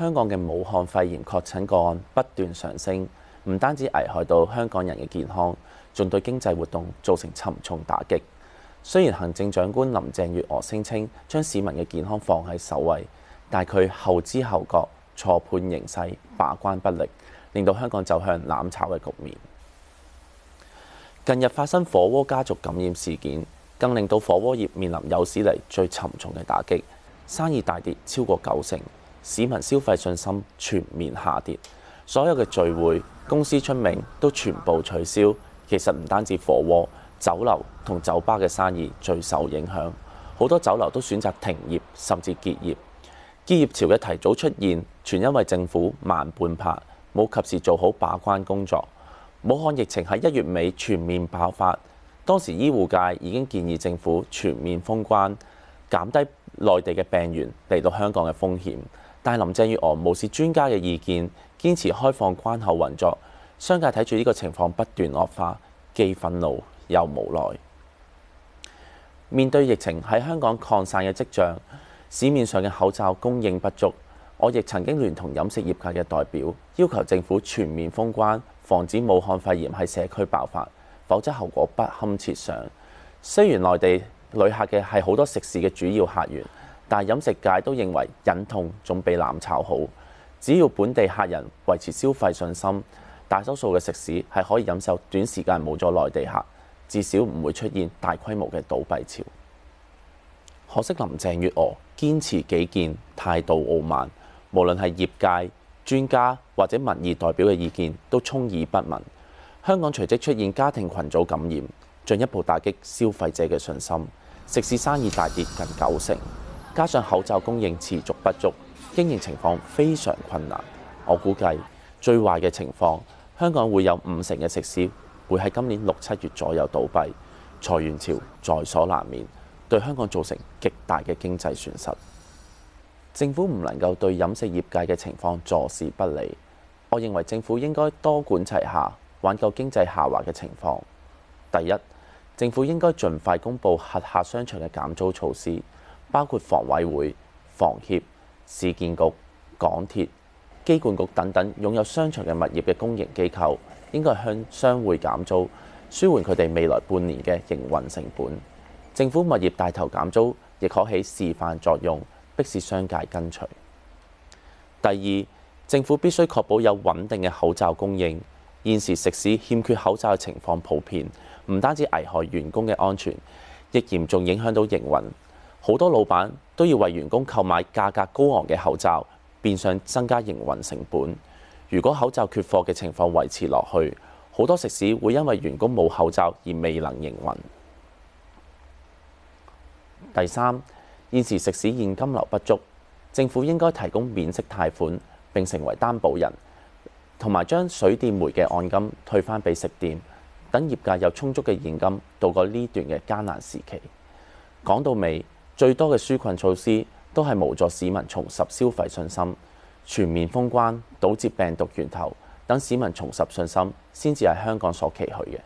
香港嘅武漢肺炎確診個案不斷上升，唔單止危害到香港人嘅健康，仲對經濟活動造成沉重打擊。雖然行政長官林鄭月娥聲稱將市民嘅健康放喺首位，但佢後知後覺、錯判形勢、把關不力，令到香港走向攬炒嘅局面。近日發生火鍋家族感染事件，更令到火鍋業面臨有史嚟最沉重嘅打擊，生意大跌超過九成。市民消費信心全面下跌，所有嘅聚會公司出名都全部取消。其實唔單止火鍋、酒樓同酒吧嘅生意最受影響，好多酒樓都選擇停業甚至結業。結業潮嘅提早出現，全因為政府慢半拍，冇及時做好把關工作。武漢疫情喺一月尾全面爆發，當時醫護界已經建議政府全面封關，減低內地嘅病源嚟到香港嘅風險。但林鄭月娥無視專家嘅意見，堅持開放關口運作，商界睇住呢個情況不斷惡化，既憤怒又無奈。面對疫情喺香港擴散嘅跡象，市面上嘅口罩供應不足，我亦曾經聯同飲食業界嘅代表，要求政府全面封關，防止武漢肺炎喺社區爆發，否則後果不堪設想。雖然內地旅客嘅係好多食肆嘅主要客源。但飲食界都認為忍痛總比攬炒好。只要本地客人維持消費信心，大多數嘅食肆係可以忍受短時間冇咗內地客，至少唔會出現大規模嘅倒閉潮。可惜林鄭月娥堅持己見，態度傲慢，無論係業界專家或者民意代表嘅意見都充耳不聞。香港隨即出現家庭群組感染，進一步打擊消費者嘅信心，食肆生意大跌近九成。加上口罩供應持續不足，經營情況非常困難，我估計最壞嘅情況，香港會有五成嘅食肆會喺今年六七月左右倒閉，裁員潮在所難免，對香港造成極大嘅經濟損失。政府唔能夠對飲食業界嘅情況坐視不理。我認為政府應該多管齊下，挽救經濟下滑嘅情況，第一，政府應該盡快公布轄下商場嘅減租措施。包括房委會、房協、市建局、港鐵、機管局等等擁有商場嘅物業嘅公營機構，應該向商會減租，舒緩佢哋未來半年嘅營運成本。政府物業帶頭減租，亦可起示範作用，迫使商界跟隨。第二，政府必須確保有穩定嘅口罩供應。現時食肆欠缺口罩嘅情況普遍，唔單止危害員工嘅安全，亦嚴重影響到營運。好多老闆都要為員工購買價格高昂嘅口罩，變相增加營運成本。如果口罩缺貨嘅情況維持落去，好多食肆會因為員工冇口罩而未能營運。第三，現時食肆現金流不足，政府應該提供免息貸款並成為擔保人，同埋將水電煤嘅按金退翻俾食店，等業界有充足嘅現金渡過呢段嘅艱難時期。講到尾，最多嘅紓困措施都係無助市民重拾消費信心，全面封關，堵截病毒源頭，等市民重拾信心，先至係香港所期許嘅。